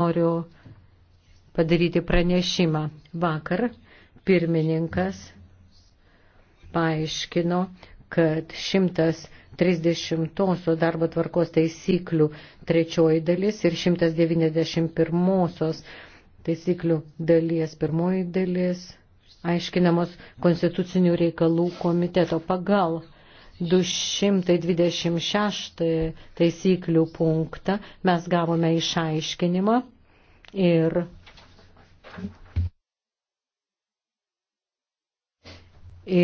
noriu padaryti pranešimą. Vakar pirmininkas paaiškino, kad 130 darbo tvarkos taisyklių trečioji dalis ir 191 taisyklių dalies pirmoji dalis aiškinamos konstitucinių reikalų komiteto pagal 226 taisyklių punktą mes gavome išaiškinimą ir